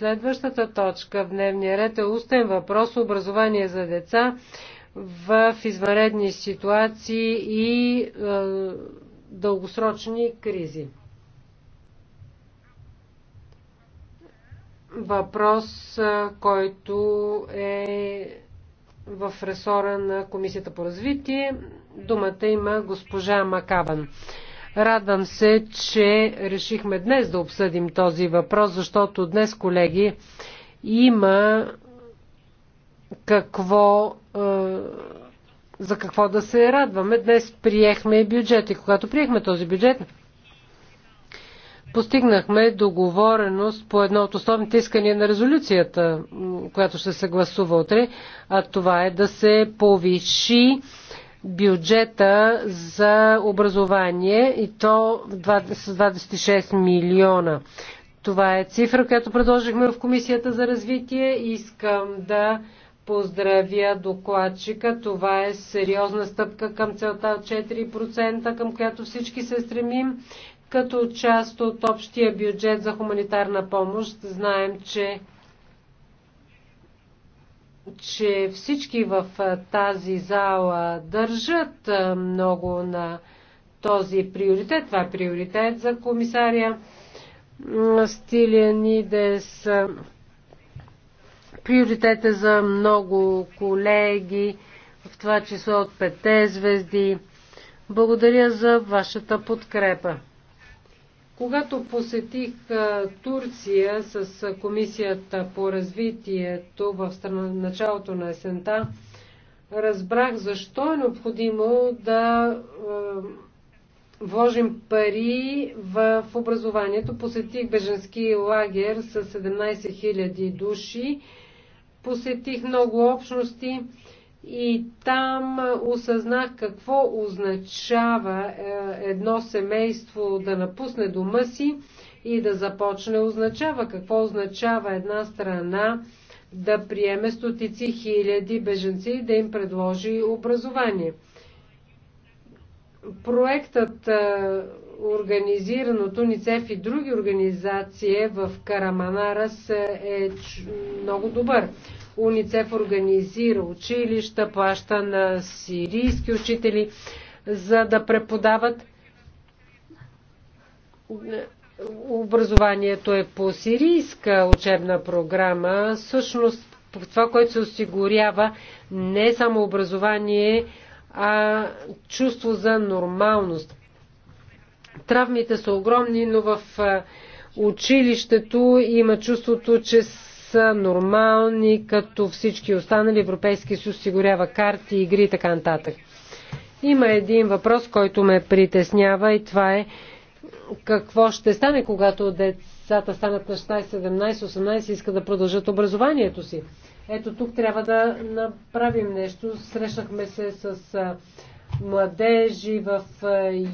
Следващата точка в дневния ред е устен въпрос образование за деца в извънредни ситуации и е, дългосрочни кризи. Въпрос, е, който е в ресора на Комисията по развитие. Думата има госпожа Макабан. Радвам се, че решихме днес да обсъдим този въпрос, защото днес, колеги, има какво, е, за какво да се радваме. Днес приехме бюджет и когато приехме този бюджет, постигнахме договореност по едно от основните искания на резолюцията, която ще се гласува утре, а това е да се повиши бюджета за образование и то с 26 милиона. Това е цифра, която предложихме в Комисията за развитие. Искам да поздравя докладчика. Това е сериозна стъпка към целта от 4%, към която всички се стремим. Като част от общия бюджет за хуманитарна помощ знаем, че че всички в тази зала държат много на този приоритет. Това е приоритет за комисаря Стилянидес. Приоритет е за много колеги, в това число от пете звезди. Благодаря за вашата подкрепа. Когато посетих Турция с Комисията по развитието в страна, началото на есента, разбрах защо е необходимо да вложим пари в образованието. Посетих беженски лагер с 17 000 души, посетих много общности и там осъзнах какво означава е, едно семейство да напусне дома си и да започне означава, какво означава една страна да приеме стотици хиляди беженци и да им предложи образование. Проектът, е, организиран от УНИЦЕФ и други организации в Караманарас е, е много добър. Уницев организира училища, плаща на сирийски учители, за да преподават. Образованието е по сирийска учебна програма. Всъщност, това, което се осигурява, не е само образование, а чувство за нормалност. Травмите са огромни, но в училището има чувството, че са нормални, като всички останали. Европейски съюз осигурява карти, игри и така нататък. Има един въпрос, който ме притеснява и това е какво ще стане, когато децата станат на 16, 17, 18 и искат да продължат образованието си. Ето тук трябва да направим нещо. Срещнахме се с младежи в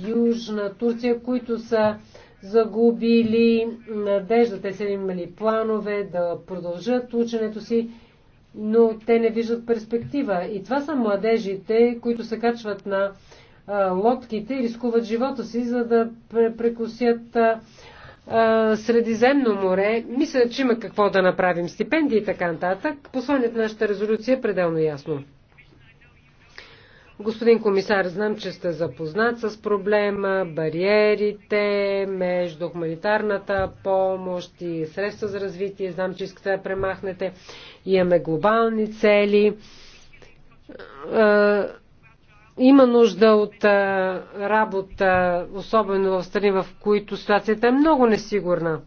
Южна Турция, които са загубили надежда. Те са имали планове да продължат ученето си, но те не виждат перспектива. И това са младежите, които се качват на лодките и рискуват живота си, за да прекусят Средиземно море. Мисля, че има какво да направим. Стипендии и така нататък. Посланието на нашата резолюция е пределно ясно. Господин комисар, знам, че сте запознат с проблема, бариерите между хуманитарната помощ и средства за развитие. Знам, че искате да премахнете. Имаме глобални цели. Има нужда от работа, особено в страни, в които ситуацията е много несигурна.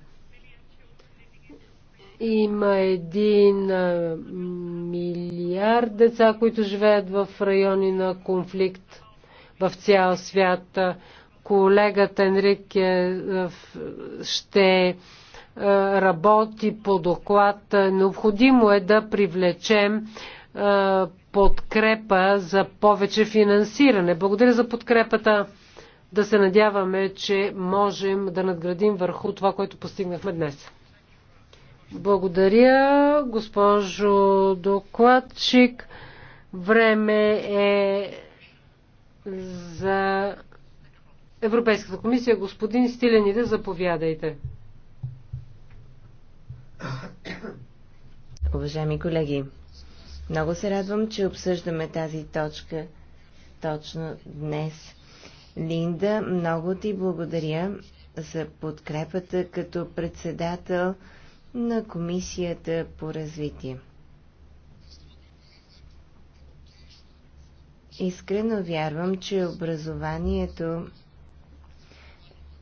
Има един милиард деца, които живеят в райони на конфликт в цял свят. Колегата Енрик е, ще работи по доклад. Необходимо е да привлечем подкрепа за повече финансиране. Благодаря за подкрепата. Да се надяваме, че можем да надградим върху това, което постигнахме днес. Благодаря, госпожо докладчик. Време е за Европейската комисия. Господин да, заповядайте. Уважаеми колеги, много се радвам, че обсъждаме тази точка точно днес. Линда, много ти благодаря за подкрепата като председател на Комисията по развитие. Искрено вярвам, че образованието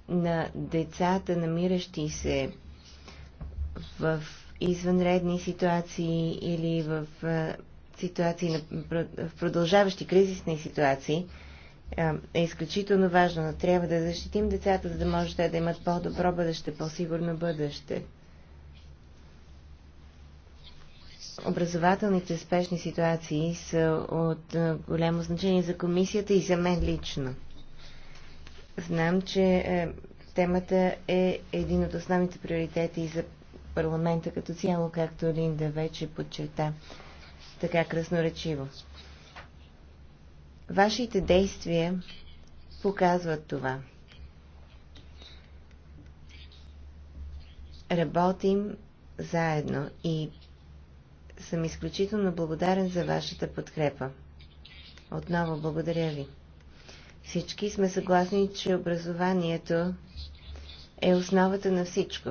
на децата, намиращи се в извънредни ситуации или в ситуации на, в продължаващи кризисни ситуации, е изключително важно. Но трябва да защитим децата, за да може те да имат по-добро бъдеще, по-сигурно бъдеще. образователните спешни ситуации са от голямо значение за комисията и за мен лично. Знам, че е, темата е един от основните приоритети за парламента като цяло, както Линда вече подчерта така красноречиво. Вашите действия показват това. Работим заедно и съм изключително благодарен за вашата подкрепа. Отново благодаря ви. Всички сме съгласни, че образованието е основата на всичко.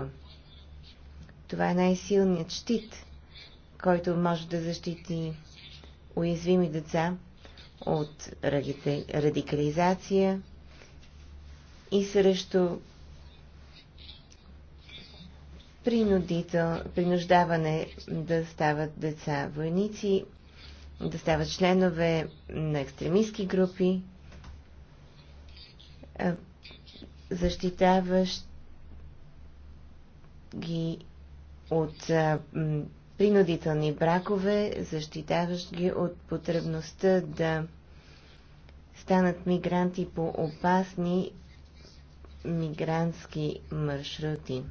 Това е най-силният щит, който може да защити уязвими деца от радикализация и срещу принудител, принуждаване да стават деца войници, да стават членове на екстремистски групи, защитаващ ги от принудителни бракове, защитаващ ги от потребността да станат мигранти по опасни мигрантски маршрути.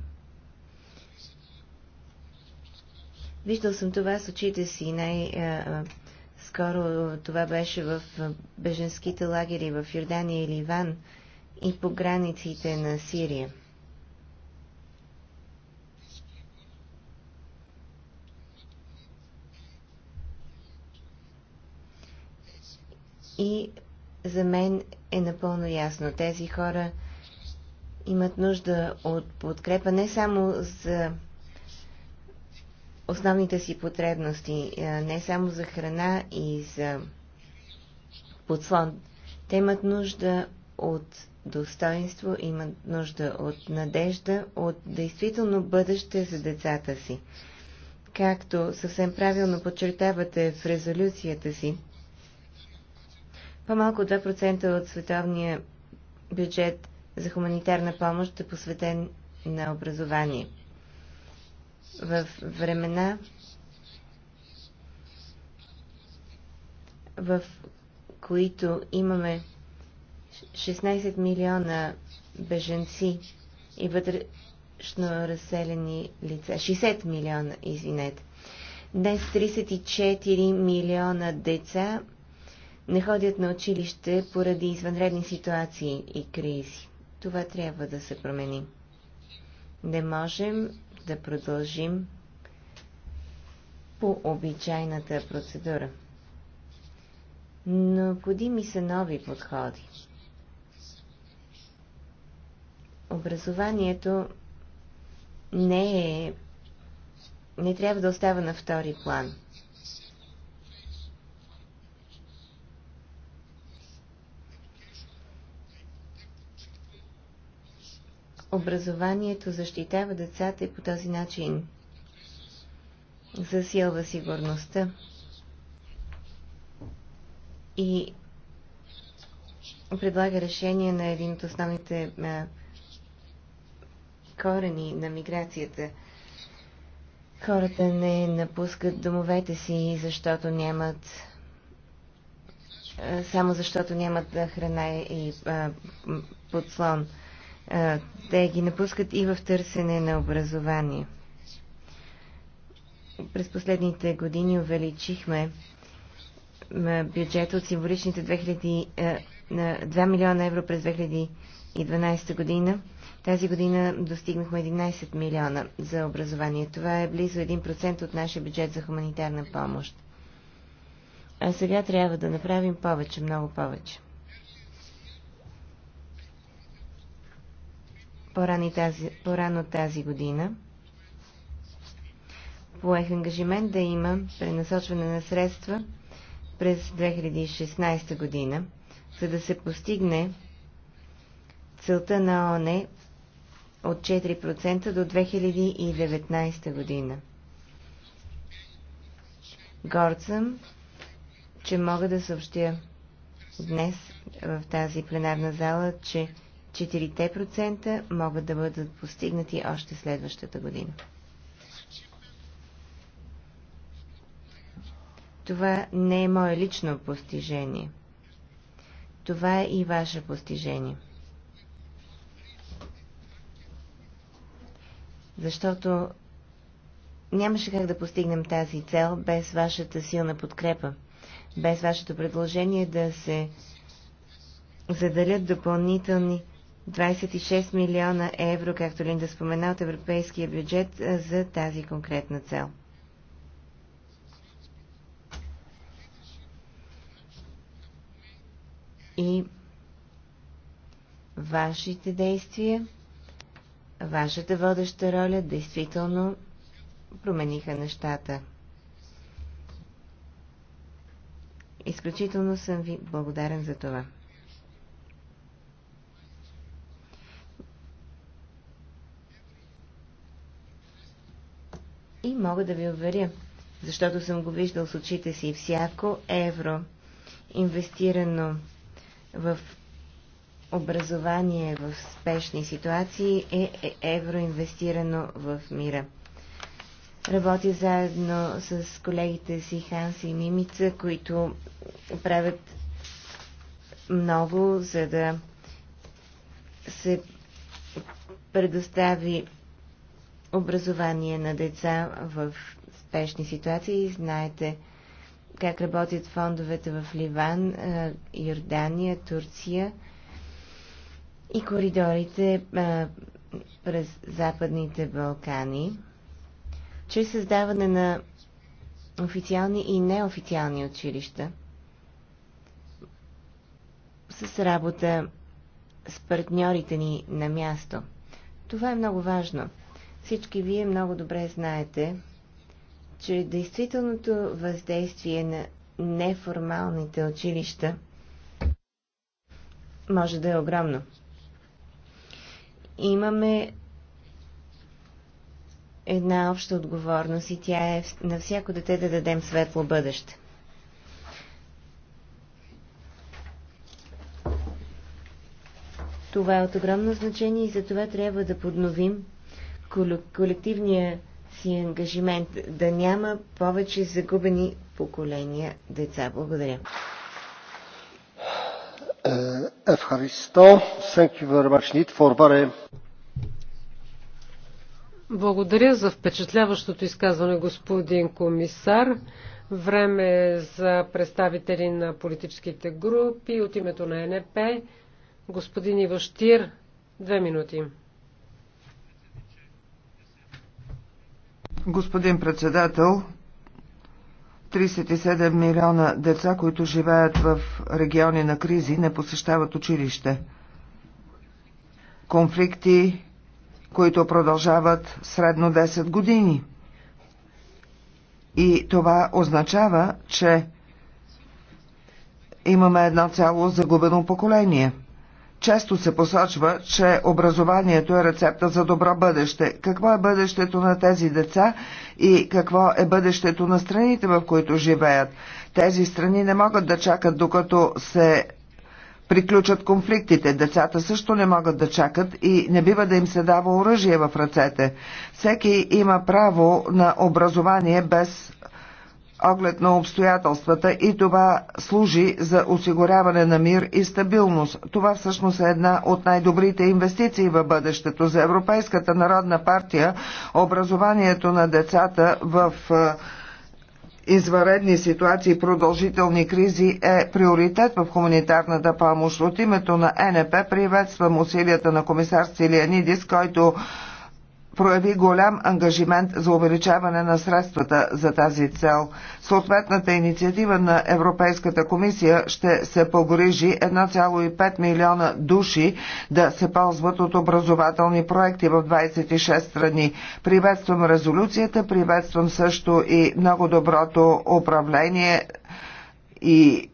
Виждал съм това с очите си. Най-скоро това беше в беженските лагери в Йордания или Ливан и по границите на Сирия. И за мен е напълно ясно. Тези хора имат нужда от подкрепа не само за основните си потребности, е, не само за храна и за подслон. Те имат нужда от достоинство, имат нужда от надежда, от действително бъдеще за децата си. Както съвсем правилно подчертавате в резолюцията си, по-малко 2% от световния бюджет за хуманитарна помощ е посветен на образование – в времена, в които имаме 16 милиона беженци и вътрешно разселени лица. 60 милиона, извинете. Днес 34 милиона деца не ходят на училище поради извънредни ситуации и кризи. Това трябва да се промени. Не можем да продължим по обичайната процедура. Необходими са нови подходи. Образованието не е... не трябва да остава на втори план – образованието защитава децата и по този начин засилва сигурността. И предлага решение на един от основните корени на миграцията. Хората не напускат домовете си, защото нямат само защото нямат храна и подслон. Те ги напускат и в търсене на образование. През последните години увеличихме бюджета от символичните 2000, 2 милиона евро през 2012 година. Тази година достигнахме 11 милиона за образование. Това е близо 1% от нашия бюджет за хуманитарна помощ. А сега трябва да направим повече, много повече. по-рано тази, по тази година поех ангажимент да има пренасочване на средства през 2016 година, за да се постигне целта на ОНЕ от 4% до 2019 година. Горд съм, че мога да съобщя днес в тази пленарна зала, че 4% могат да бъдат постигнати още следващата година. Това не е мое лично постижение. Това е и ваше постижение. Защото нямаше как да постигнем тази цел без вашата силна подкрепа, без вашето предложение да се задалят допълнителни 26 милиона евро, както Линда спомена, от европейския бюджет за тази конкретна цел. И вашите действия, вашата водеща роля действително промениха нещата. Изключително съм ви благодарен за това. и мога да ви уверя, защото съм го виждал с очите си, всяко евро инвестирано в образование в спешни ситуации е, е евро инвестирано в мира. Работя заедно с колегите си Ханса и Мимица, които правят много, за да се предостави образование на деца в спешни ситуации. Знаете как работят фондовете в Ливан, Йордания, Турция и коридорите през Западните Балкани, чрез създаване на официални и неофициални училища, с работа с партньорите ни на място. Това е много важно – всички вие много добре знаете, че действителното въздействие на неформалните училища може да е огромно. Имаме една обща отговорност и тя е на всяко дете да дадем светло бъдеще. Това е от огромно значение и за това трябва да подновим колективния си ангажимент да няма повече загубени поколения деца. Благодаря. Е, Евхаристо, Благодаря за впечатляващото изказване, господин комисар. Време е за представители на политическите групи от името на НП. Господин Иващир, две минути. Господин председател, 37 милиона деца, които живеят в региони на кризи, не посещават училище. Конфликти, които продължават средно 10 години. И това означава, че имаме едно цяло загубено поколение – често се посочва, че образованието е рецепта за добро бъдеще. Какво е бъдещето на тези деца и какво е бъдещето на страните, в които живеят? Тези страни не могат да чакат докато се приключат конфликтите. Децата също не могат да чакат и не бива да им се дава оръжие в ръцете. Всеки има право на образование без оглед на обстоятелствата и това служи за осигуряване на мир и стабилност. Това всъщност е една от най-добрите инвестиции в бъдещето. За Европейската народна партия образованието на децата в е, изваредни ситуации продължителни кризи е приоритет в хуманитарната помощ. От името на НП приветствам усилията на комисар Силианидис, който прояви голям ангажимент за увеличаване на средствата за тази цел. Съответната инициатива на Европейската комисия ще се погрижи 1,5 милиона души да се ползват от образователни проекти в 26 страни. Приветствам резолюцията, приветствам също и много доброто управление и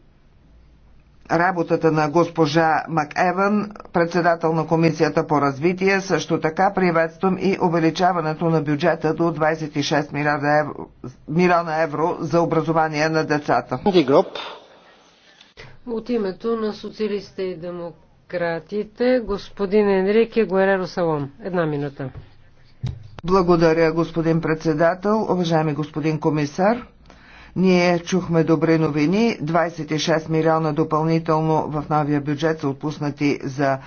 работата на госпожа МакЕван, председател на Комисията по развитие. Също така приветствам и увеличаването на бюджета до 26 милиона евро, милиона евро за образование на децата. От името на социалистите и демократите, господин Енрике Гуереро Салон. Една минута. Благодаря, господин председател, уважаеми господин комисар. Ние чухме добри новини. 26 милиона допълнително в новия бюджет са отпуснати за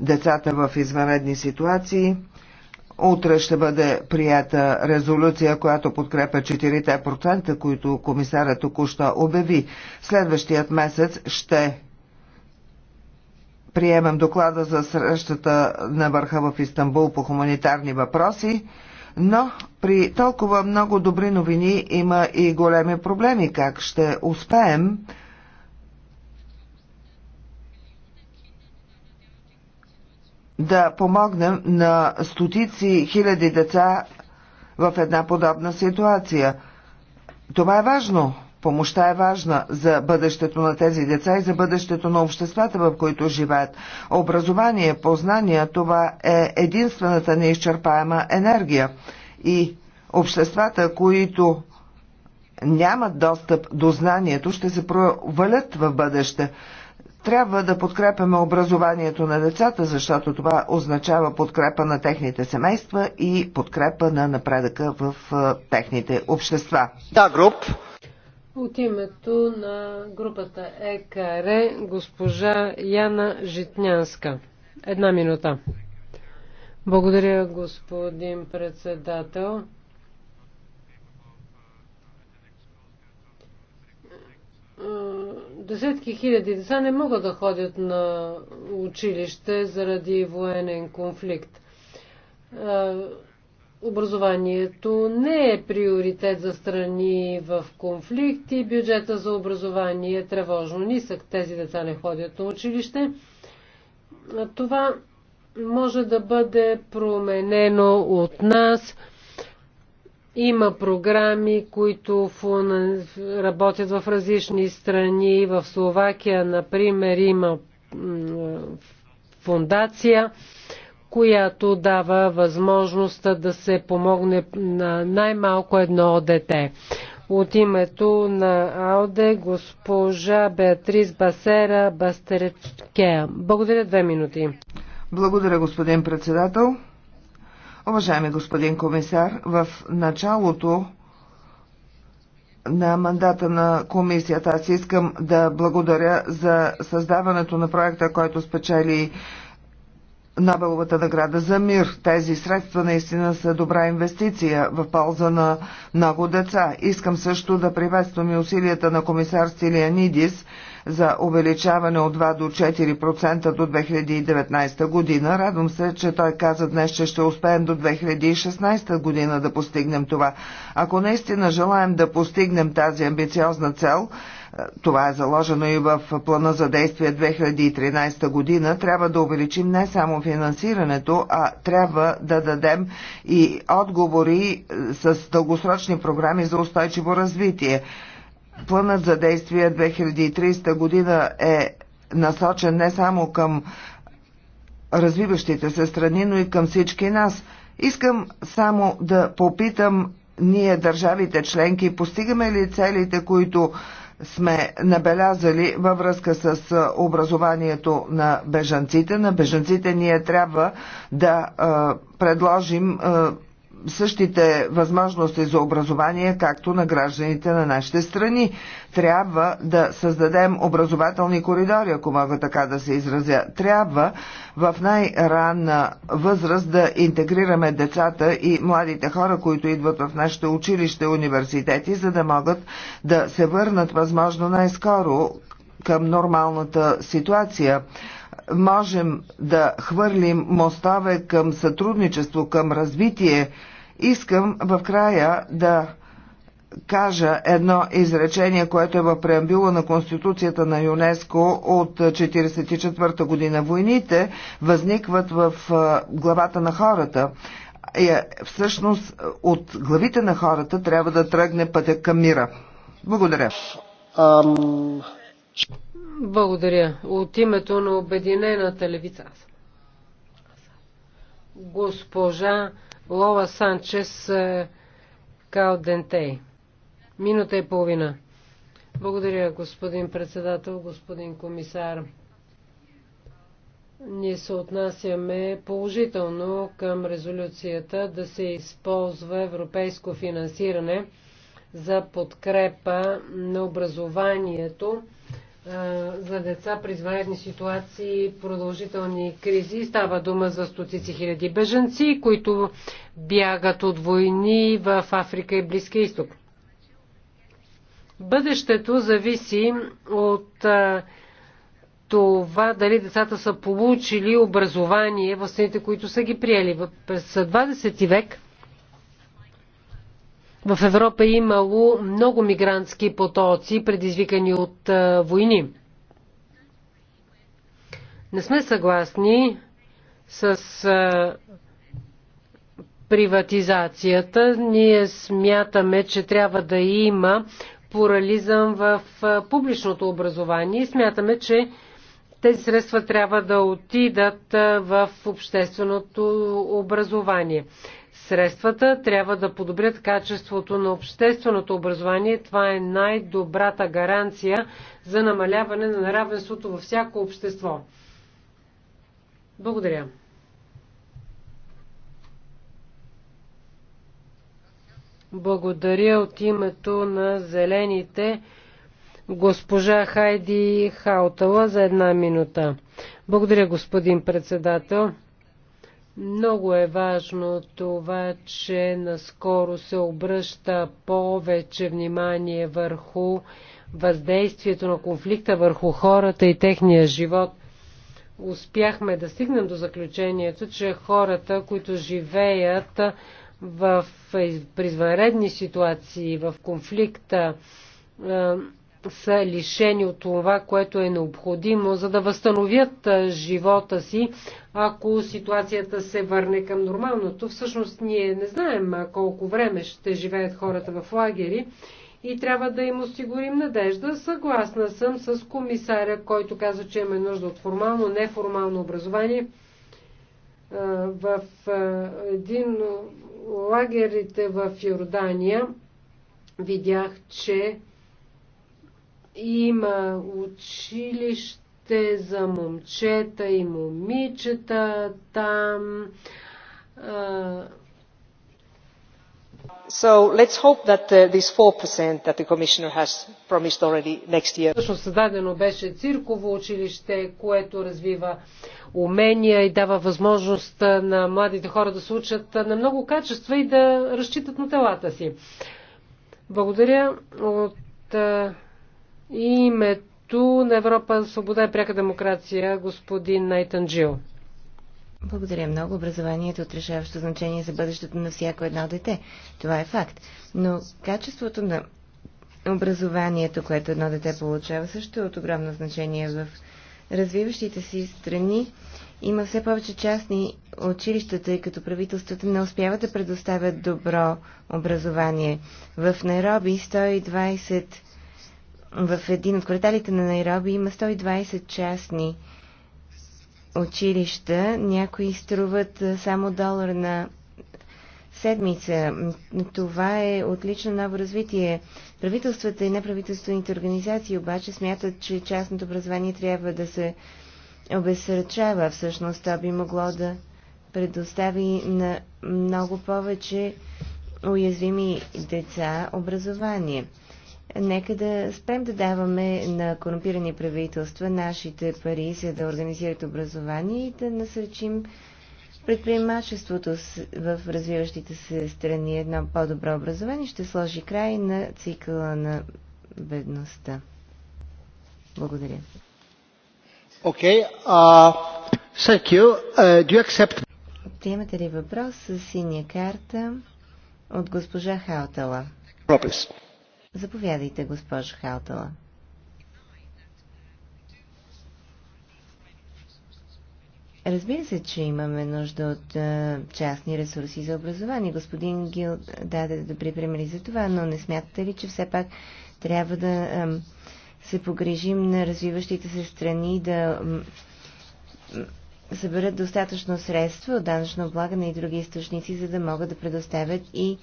децата в извънредни ситуации. Утре ще бъде прията резолюция, която подкрепя 4%, които комисаря току-що обяви. Следващият месец ще приемем доклада за срещата на върха в Истанбул по хуманитарни въпроси. Но при толкова много добри новини има и големи проблеми. Как ще успеем да помогнем на стотици хиляди деца в една подобна ситуация? Това е важно. Помощта е важна за бъдещето на тези деца и за бъдещето на обществата, в които живеят. Образование, познание, това е единствената неизчерпаема енергия. И обществата, които нямат достъп до знанието, ще се провалят в бъдеще. Трябва да подкрепяме образованието на децата, защото това означава подкрепа на техните семейства и подкрепа на напредъка в техните общества. Да, груп. От името на групата ЕКР госпожа Яна Житнянска. Една минута. Благодаря, господин председател. Десетки хиляди деца не могат да ходят на училище заради военен конфликт. Образованието не е приоритет за страни в конфликти. Бюджета за образование е тревожно нисък. Тези деца не ходят на училище. Това може да бъде променено от нас. Има програми, които работят в различни страни. В Словакия, например, има фундация която дава възможност да се помогне на най-малко едно дете. От името на Ауде госпожа Беатрис Басера бастерецке Благодаря две минути. Благодаря, господин председател. Уважаеми господин комисар, в началото на мандата на комисията аз искам да благодаря за създаването на проекта, който спечели Нобеловата награда за мир. Тези средства наистина са добра инвестиция в полза на много деца. Искам също да приветствам и усилията на комисар Стилианидис за увеличаване от 2 до 4% до 2019 година. Радвам се, че той каза днес, че ще успеем до 2016 година да постигнем това. Ако наистина желаем да постигнем тази амбициозна цел, това е заложено и в плана за действие 2013 година, трябва да увеличим не само финансирането, а трябва да дадем и отговори е, с дългосрочни програми за устойчиво развитие. Планът за действие 2030 година е насочен не само към развиващите се страни, но и към всички нас. Искам само да попитам ние, държавите членки, постигаме ли целите, които сме набелязали във връзка с образованието на бежанците. На бежанците ние трябва да предложим същите възможности за образование, както на гражданите на нашите страни. Трябва да създадем образователни коридори, ако мога така да се изразя. Трябва в най-ранна възраст да интегрираме децата и младите хора, които идват в нашите училища, университети, за да могат да се върнат възможно най-скоро към нормалната ситуация можем да хвърлим мостове към сътрудничество, към развитие, Искам в края да кажа едно изречение, което е в преамбюла на Конституцията на ЮНЕСКО от 1944 година. Войните възникват в главата на хората. Е, всъщност от главите на хората трябва да тръгне пътя към мира. Благодаря. Благодаря. От името на Обединената левица. Госпожа Лола Санчес е, Калдентей. Минута и половина. Благодаря, господин председател, господин комисар. Ние се отнасяме положително към резолюцията да се използва европейско финансиране за подкрепа на образованието за деца при извънредни ситуации, продължителни кризи. Става дума за стотици хиляди бежанци, които бягат от войни в Африка и Близкия изток. Бъдещето зависи от това дали децата са получили образование в страните, които са ги приели. През 20 век в Европа е имало много мигрантски потоци, предизвикани от войни. Не сме съгласни с приватизацията. Ние смятаме, че трябва да има плурализъм в публичното образование и смятаме, че тези средства трябва да отидат в общественото образование средствата, трябва да подобрят качеството на общественото образование. Това е най-добрата гаранция за намаляване на неравенството във всяко общество. Благодаря. Благодаря от името на зелените госпожа Хайди Хаутала за една минута. Благодаря, господин председател. Много е важно това, че наскоро се обръща повече внимание върху въздействието на конфликта върху хората и техния живот. Успяхме да стигнем до заключението, че хората, които живеят в, при извънредни ситуации, в конфликта, са лишени от това, което е необходимо, за да възстановят живота си, ако ситуацията се върне към нормалното. Всъщност ние не знаем колко време ще живеят хората в лагери и трябва да им осигурим надежда. Съгласна съм с комисаря, който каза, че има нужда от формално, неформално образование. В един лагерите в Йордания видях, че има училище за момчета и момичета там. So let's hope that uh, this 4% that the Commissioner has promised already next year. Точно създадено беше цирково училище, което развива умения и дава възможност на младите хора да се учат на много качества и да разчитат на телата си. Благодаря от името на Европа свобода и пряка демокрация, господин Найтан Джил. Благодаря много. Образованието е от решаващо значение за бъдещето на всяко едно дете. Това е факт. Но качеството на образованието, което едно дете получава, също е от огромно значение в развиващите си страни. Има все повече частни училища, тъй като правителствата не успяват да предоставят добро образование. В Найроби 120 в един от кварталите на Найроби има 120 частни училища. Някои струват само долар на седмица. Това е отлично ново развитие. Правителствата и неправителствените организации обаче смятат, че частното образование трябва да се обесръчава. Всъщност то би могло да предостави на много повече уязвими деца образование. Нека да спрем да даваме на корумпирани правителства нашите пари, за да организират образование и да насърчим предприемачеството в развиващите се страни. Едно по-добро образование ще сложи край на цикъла на бедността. Благодаря. Okay, uh, Uh, accept... Приемате ли въпрос с синя карта от госпожа Хаотала? Пропис. Заповядайте, госпожо Халтала. Разбира се, че имаме нужда от частни ресурси за образование. Господин Гил даде добри примери за това, но не смятате ли, че все пак трябва да се погрежим на развиващите се страни да съберат достатъчно средства от данъчно облагане и други източници, за да могат да предоставят и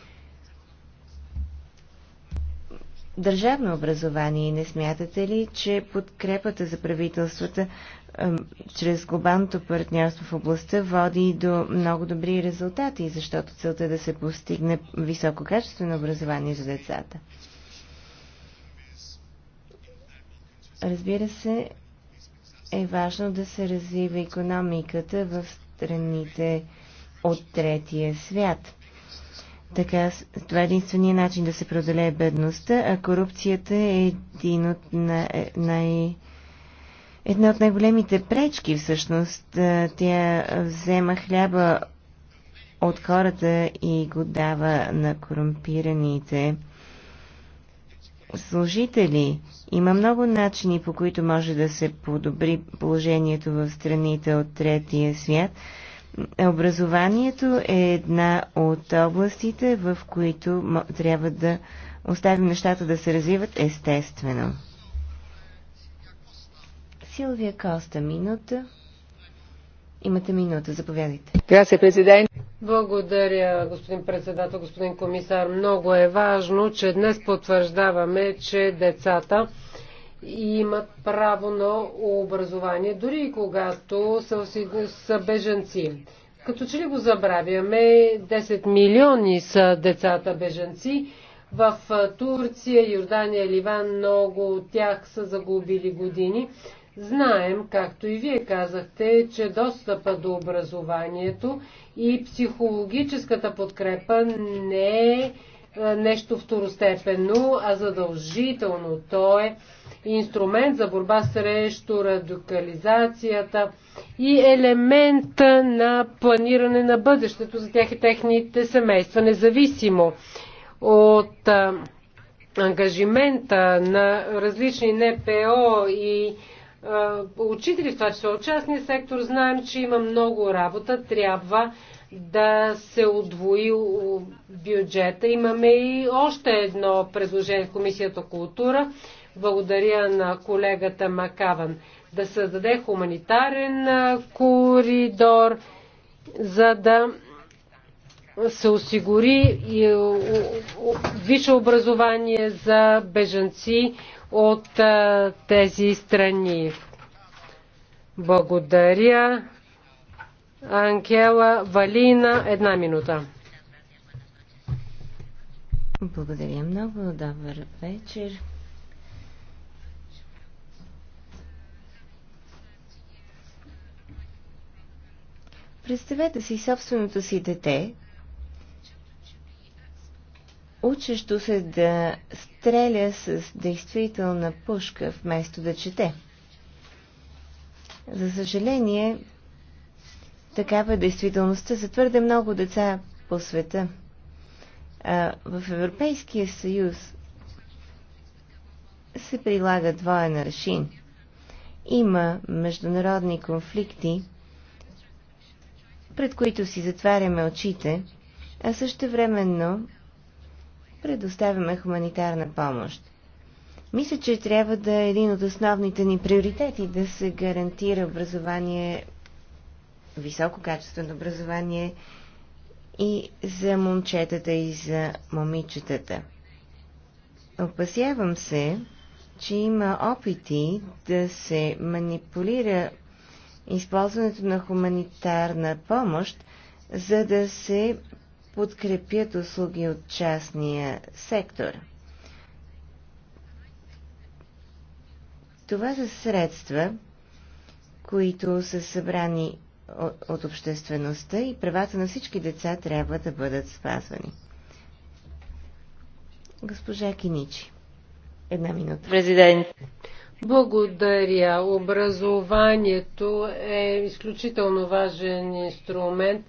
държавно образование. Не смятате ли, че подкрепата за правителствата чрез глобалното партньорство в областта води до много добри резултати, защото целта е да се постигне високо качествено образование за децата? Разбира се, е важно да се развива економиката в страните от третия свят. Така, това е единствения начин да се преодолее бедността, а корупцията е един от на, е, най... Една от най-големите пречки всъщност. Тя взема хляба от хората и го дава на корумпираните служители. Има много начини, по които може да се подобри положението в страните от третия свят – е, образованието е една от областите, в които трябва да оставим нещата да се развиват естествено. Силвия Коста, минута. Имате минута, заповядайте. президент. Благодаря, господин председател, господин комисар. Много е важно, че днес потвърждаваме, че децата и имат право на образование, дори и когато са, са беженци. Като че ли го забравяме, 10 милиони са децата беженци. В Турция, Йордания, Ливан много от тях са загубили години. Знаем, както и вие казахте, че достъпа до образованието и психологическата подкрепа не е е, нещо второстепенно, а задължително. То е инструмент за борба срещу радикализацията и елемент на планиране на бъдещето за тях и техните семейства, независимо от е, ангажимента на различни НПО и е, учители, в това числе частния сектор, знаем, че има много работа. Трябва да се отвои бюджета. Имаме и още едно предложение в Комисията култура. Благодаря на колегата Макаван да създаде хуманитарен коридор, за да се осигури висше образование за бежанци от тези страни. Благодаря. Анкела Валина, една минута. Благодаря много. Добър вечер. Представете си собственото си дете, учещо се да стреля с действителна пушка, вместо да чете. За съжаление, Такава е действителността за твърде много деца по света. А, в Европейския съюз се прилага двоен решин. Има международни конфликти, пред които си затваряме очите, а също временно предоставяме хуманитарна помощ. Мисля, че трябва да е един от основните ни приоритети да се гарантира образование високо качествено образование и за момчетата и за момичетата. Опасявам се, че има опити да се манипулира използването на хуманитарна помощ, за да се подкрепят услуги от частния сектор. Това са средства, които са събрани от обществеността и правата на всички деца трябва да бъдат спазвани. Госпожа Киничи. Една минута. Президент. Благодаря. Образованието е изключително важен инструмент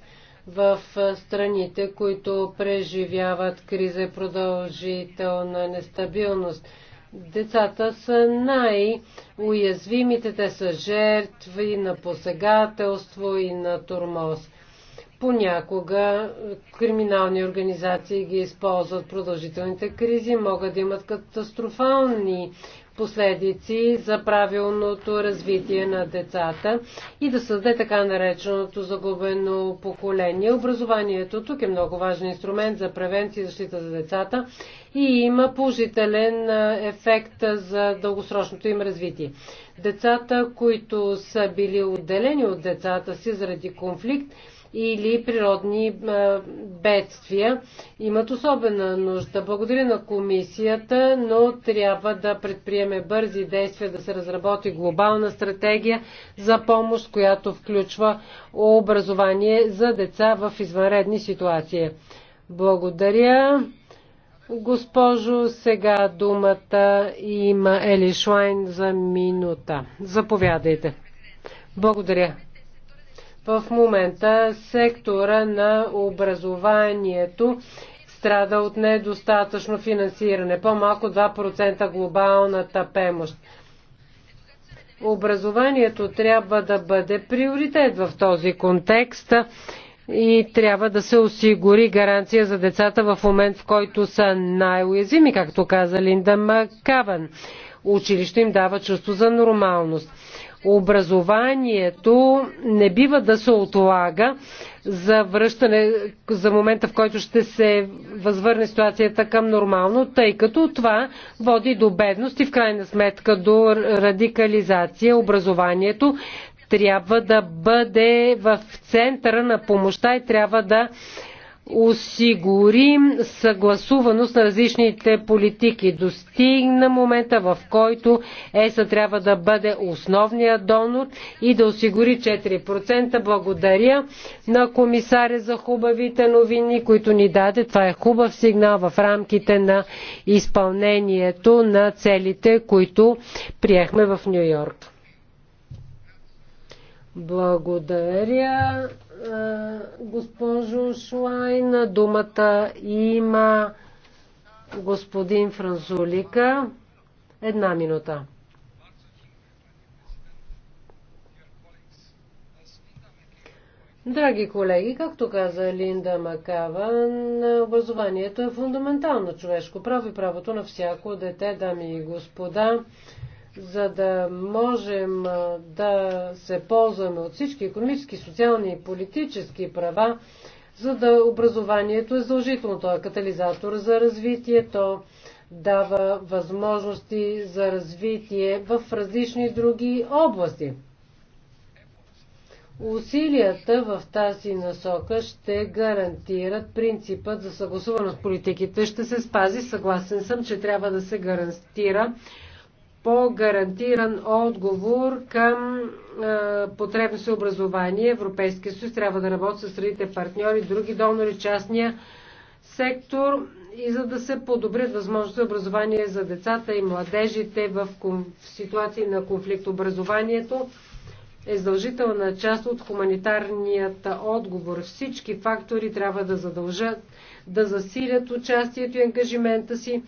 в страните, които преживяват криза и продължителна нестабилност. Децата са най-уязвимите, те са жертви на посегателство и на турмоз. Понякога криминални организации ги използват. Продължителните кризи могат да имат катастрофални последици за правилното развитие на децата и да създаде така нареченото загубено поколение. Образованието тук е много важен инструмент за превенция и защита за децата и има положителен ефект за дългосрочното им развитие. Децата, които са били отделени от децата си заради конфликт, или природни бедствия, имат особена нужда. Благодаря на комисията, но трябва да предприеме бързи действия да се разработи глобална стратегия за помощ, която включва образование за деца в извънредни ситуации. Благодаря. Госпожо, сега думата има Ели Шлайн за минута. Заповядайте. Благодаря. В момента сектора на образованието страда от недостатъчно финансиране, по-малко 2% глобалната помощ. Образованието трябва да бъде приоритет в този контекст и трябва да се осигури гаранция за децата в момент, в който са най-уязвими, както каза Линда Макаван. Училище им дава чувство за нормалност образованието не бива да се отлага за връщане за момента, в който ще се възвърне ситуацията към нормално, тъй като това води до бедност и в крайна сметка до радикализация. Образованието трябва да бъде в центъра на помощта и трябва да осигурим съгласуваност на различните политики. Достигна момента, в който ЕСА трябва да бъде основният донор и да осигури 4%. Благодаря на комисаря за хубавите новини, които ни даде. Това е хубав сигнал в рамките на изпълнението на целите, които приехме в Нью Йорк. Благодаря. Е, госпожо Шлайн. Думата има господин Франзулика. Една минута. Драги колеги, както каза Линда Макаван, образованието е фундаментално човешко право и правото на всяко дете, дами и господа за да можем да се ползваме от всички економически, социални и политически права, за да образованието е задължително. То е катализатор за развитие, то дава възможности за развитие в различни други области. Усилията в тази насока ще гарантират принципът за съгласуваност с политиките. Ще се спази. Съгласен съм, че трябва да се гарантира по-гарантиран отговор към потребност и образование. Европейския съюз трябва да работи с средите партньори, други донори, частния сектор и за да се подобрят възможности за образование за децата и младежите в ситуации на конфликт. Образованието е задължителна част от хуманитарният отговор. Всички фактори трябва да задължат, да засилят участието и ангажимента си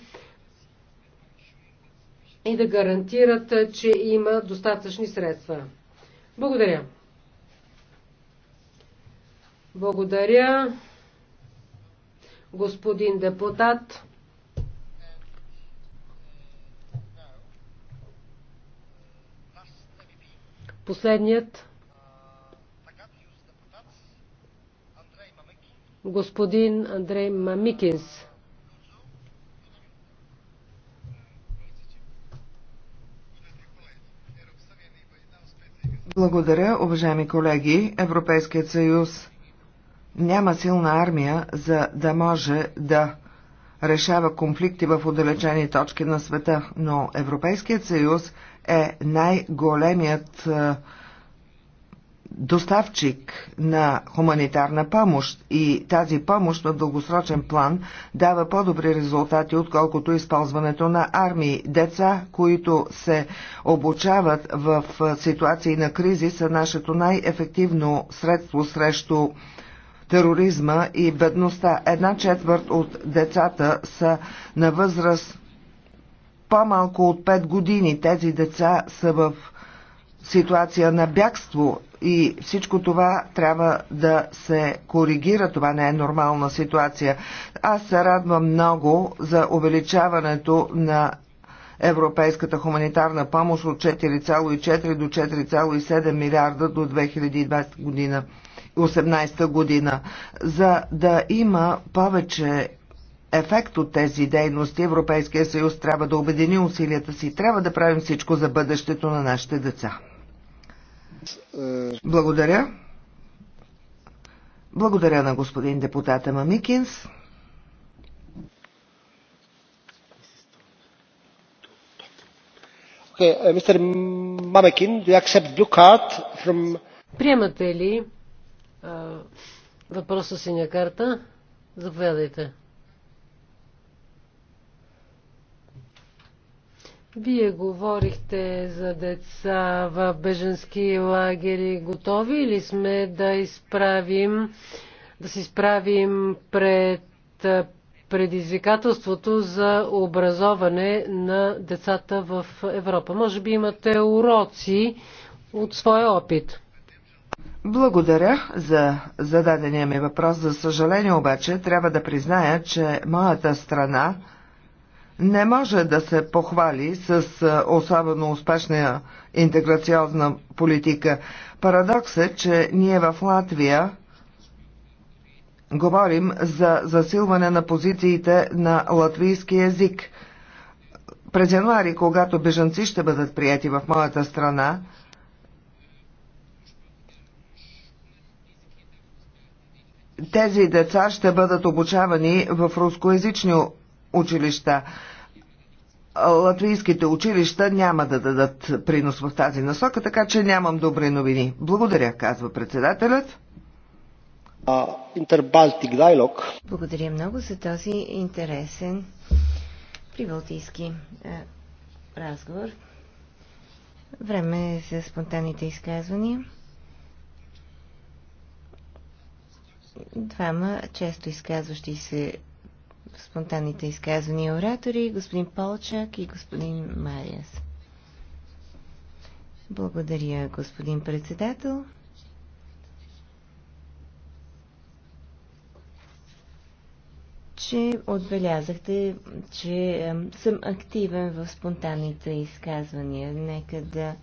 и да гарантират, че има достатъчни средства. Благодаря. Благодаря, господин депутат. Последният. Господин Андрей Мамикинс. Благодаря, уважаеми колеги. Европейският съюз няма силна армия, за да може да решава конфликти в отдалечени точки на света, но Европейският съюз е най-големият е, доставчик на хуманитарна помощ и тази помощ в дългосрочен план дава по-добри резултати, отколкото използването на армии. Деца, които се обучават в ситуации на кризи, са нашето най-ефективно средство срещу тероризма и бедността. Една четвърт от децата са на възраст по-малко от 5 години. Тези деца са в ситуация на бягство и всичко това трябва да се коригира. Това не е нормална ситуация. Аз се радвам много за увеличаването на европейската хуманитарна помощ от 4,4 до 4,7 милиарда до 2020 година. 18 година. За да има повече ефект от тези дейности, Европейския съюз трябва да обедини усилията си. Трябва да правим всичко за бъдещето на нашите деца. Благодаря. Благодаря на господин депутата Мамикинс. Uh, from... Приемате ли въпроса синя карта? Заповядайте. Вие говорихте за деца в беженски лагери. Готови ли сме да изправим, да се изправим пред предизвикателството за образоване на децата в Европа? Може би имате уроци от своя опит. Благодаря за зададения ми въпрос. За съжаление обаче трябва да призная, че моята страна не може да се похвали с особено успешна интеграционна политика. Парадокс е, че ние в Латвия говорим за засилване на позициите на латвийски язик. През януари, когато бежанци ще бъдат прияти в моята страна, тези деца ще бъдат обучавани в рускоязични училища. Латвийските училища няма да дадат принос в тази насока, така че нямам добри новини. Благодаря, казва председателят. Интербалтик uh, диалог. Благодаря много за този интересен прибалтийски uh, разговор. Време е за спонтанните изказвания. Двама често изказващи се спонтанните изказвания оратори, господин Полчак и господин Мариас. Благодаря, господин председател. че отбелязахте, че е, съм активен в спонтанните изказвания. Нека да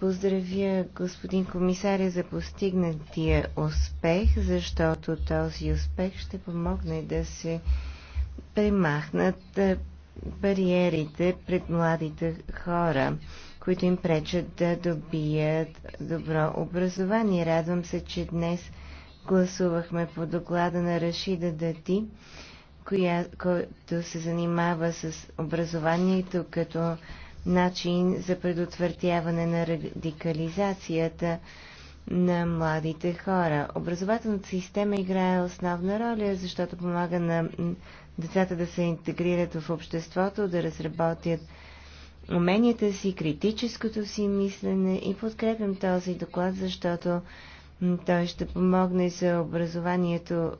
поздравя господин комисаря за постигнатия успех, защото този успех ще помогне да се премахнат е, бариерите пред младите хора, които им пречат да добият добро образование. Радвам се, че днес гласувахме по доклада на Рашида Дати, коя, който се занимава с образованието като начин за предотвратяване на радикализацията на младите хора. Образователната система играе основна роля, защото помага на децата да се интегрират в обществото, да разработят уменията си, критическото си мислене и подкрепям този доклад, защото той ще помогне за образованието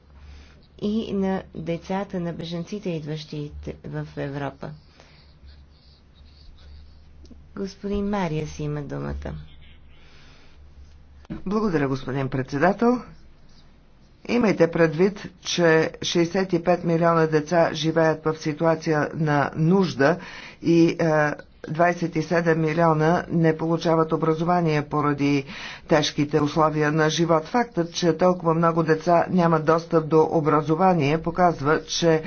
и на децата, на беженците, идващи в Европа. Господин Мария си има думата. Благодаря, господин председател. Имайте предвид, че 65 милиона деца живеят в ситуация на нужда и 27 е, милиона не получават образование поради тежките условия на живот. Фактът, че толкова много деца нямат достъп до образование, показва, че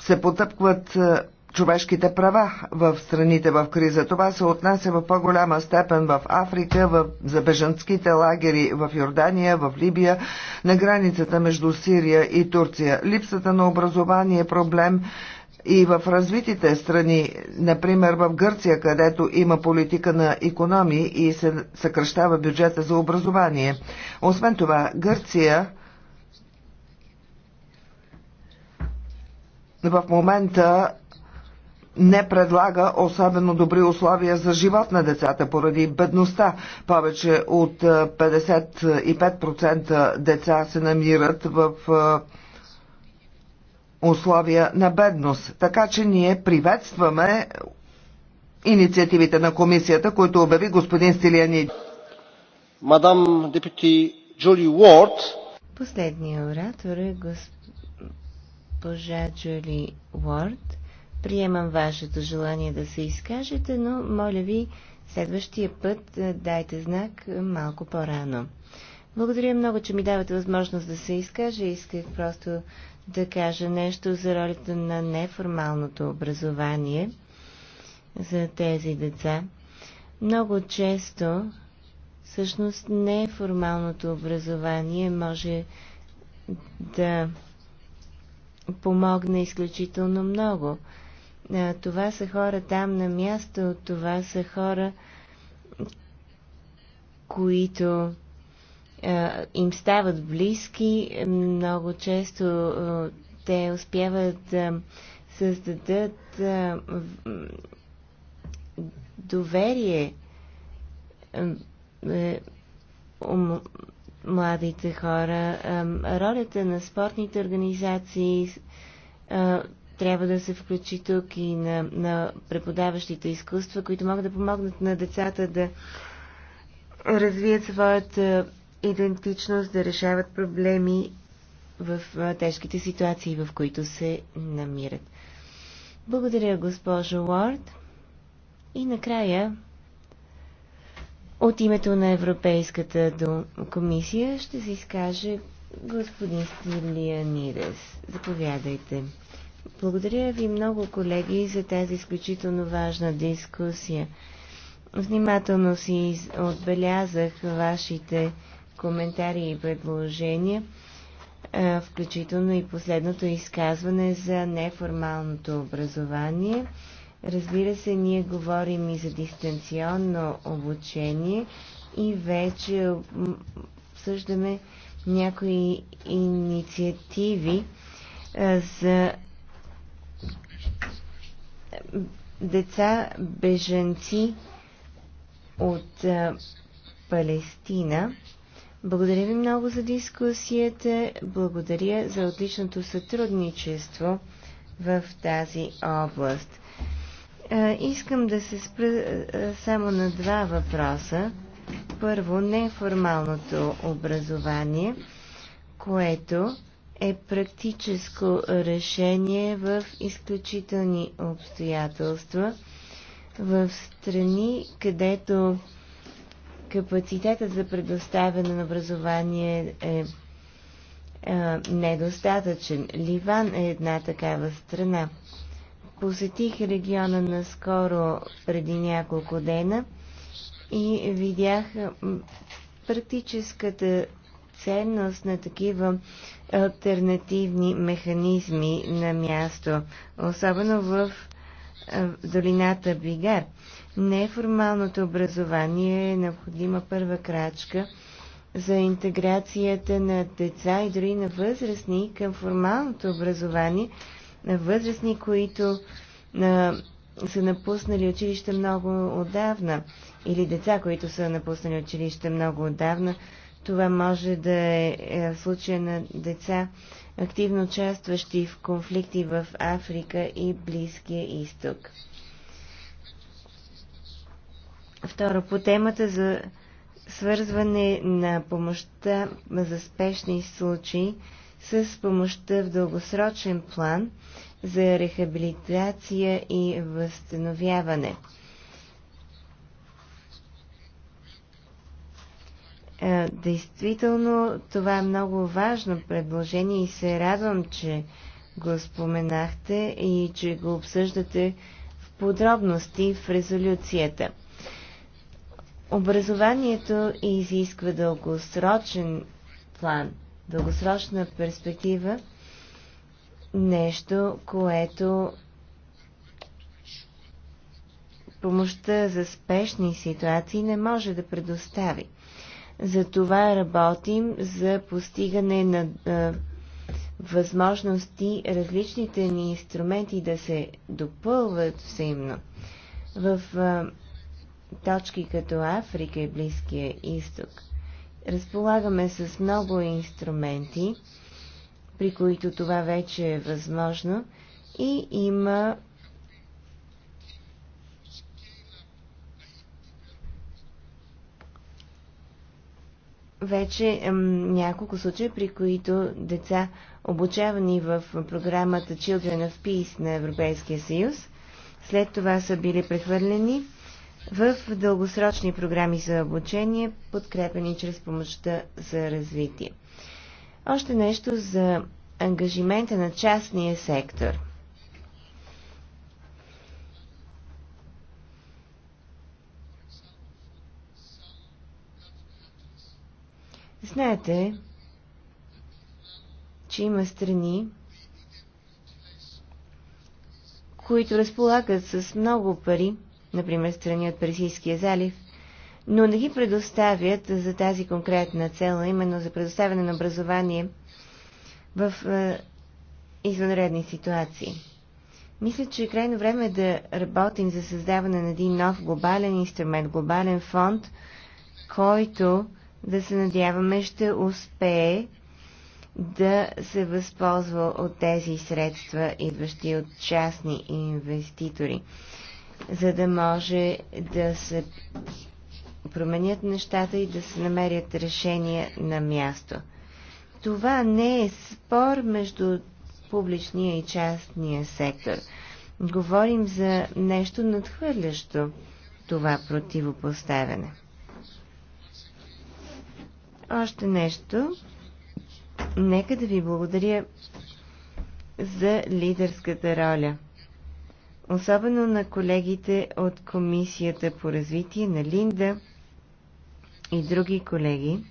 се потъпкват е, човешките права в страните в криза. Това се отнася в по-голяма степен в Африка, в, забежанските лагери в Йордания, в Либия, на границата между Сирия и Турция. Липсата на образование е проблем и в развитите страни, например в Гърция, където има политика на економии и се съкръщава бюджета за образование. Освен това, Гърция в момента не предлага особено добри условия за живот на децата поради бедността. Повече от 55% деца се намират в условия на бедност. Така че ние приветстваме инициативите на комисията, които обяви господин Стилиани. Мадам депути Джули Уорд. Последният оратор е госпожа Джули Уорд Приемам вашето желание да се изкажете, но моля ви, следващия път дайте знак малко по-рано. Благодаря много, че ми давате възможност да се изкажа. Исках просто да кажа нещо за ролята на неформалното образование за тези деца. Много често, всъщност, неформалното образование може да помогне изключително много. Това са хора там на място, това са хора, които им стават близки, много често те успяват да създадат доверие е, у младите хора. Ролята на спортните организации трябва да се включи тук и на, на преподаващите изкуства, които могат да помогнат на децата да развият своята е, идентичност, да решават проблеми в е, тежките ситуации, в които се намират. Благодаря, госпожо Уорд. И накрая, от името на Европейската комисия ще се изкаже господин Стилия Нидес. Заповядайте. Благодаря ви много, колеги, за тази изключително важна дискусия. Внимателно си отбелязах вашите коментари и предложения, включително и последното изказване за неформалното образование. Разбира се, ние говорим и за дистанционно обучение и вече обсъждаме някои инициативи за деца беженци от Палестина. Благодаря ви много за дискусията. Благодаря за отличното сътрудничество в тази област. Искам да се спра само на два въпроса. Първо, неформалното образование, което е практическо решение в изключителни обстоятелства в страни, където капацитетът за предоставяне на образование е, е недостатъчен. Ливан е една такава страна. Посетих региона наскоро преди няколко дена и видях практическата ценност на такива альтернативни механизми на място, особено в е, долината Бигар. Неформалното образование е необходима първа крачка за интеграцията на деца и дори на възрастни към формалното образование, на възрастни, които на, е, са напуснали училище много отдавна или деца, които са напуснали училище много отдавна, това може да е, е случая на деца, активно участващи в конфликти в Африка и Близкия изток. Второ, по темата за свързване на помощта за спешни случаи с помощта в дългосрочен план за рехабилитация и възстановяване – Е, действително, това е много важно предложение и се радвам, че го споменахте и че го обсъждате в подробности в резолюцията. Образованието изисква дългосрочен план, дългосрочна перспектива, нещо, което помощта за спешни ситуации не може да предостави. За това работим за постигане на е, възможности различните ни инструменти да се допълват взаимно. В е, точки като Африка и Близкия изток разполагаме с много инструменти, при които това вече е възможно и има вече няколко случая, при които деца, обучавани в програмата Children of Peace на Европейския съюз, след това са били прехвърлени в дългосрочни програми за обучение, подкрепени чрез помощта за развитие. Още нещо за ангажимента на частния сектор. Знаете, че има страни, които разполагат с много пари, например страни от Персийския залив, но не ги предоставят за тази конкретна цел, именно за предоставяне на образование в е, извънредни ситуации. Мисля, че е крайно време да работим за създаване на един нов глобален инструмент, глобален фонд, който да се надяваме ще успее да се възползва от тези средства, идващи от частни инвеститори, за да може да се променят нещата и да се намерят решения на място. Това не е спор между публичния и частния сектор. Говорим за нещо надхвърлящо това противопоставяне. Още нещо. Нека да ви благодаря за лидерската роля. Особено на колегите от Комисията по развитие на Линда и други колеги.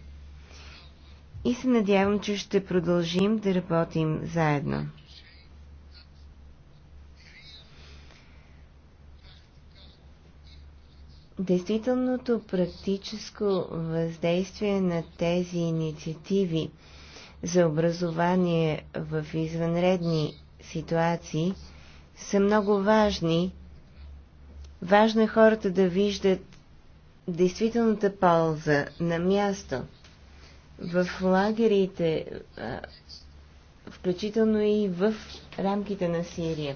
И се надявам, че ще продължим да работим заедно. действителното практическо въздействие на тези инициативи за образование в извънредни ситуации са много важни. Важно е хората да виждат действителната полза на място. В лагерите, включително и в рамките на Сирия.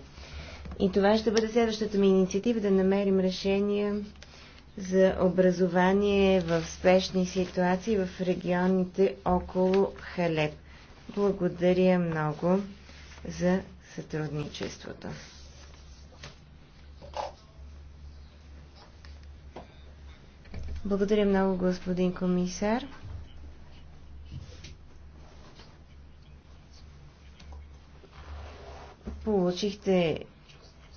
И това ще бъде следващата ми инициатива да намерим решение за образование в спешни ситуации в регионите около Халеп. Благодаря много за сътрудничеството. Благодаря много, господин комисар. Получихте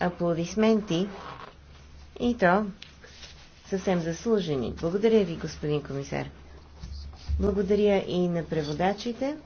аплодисменти и то съвсем заслужени. Благодаря ви, господин комисар. Благодаря и на преводачите.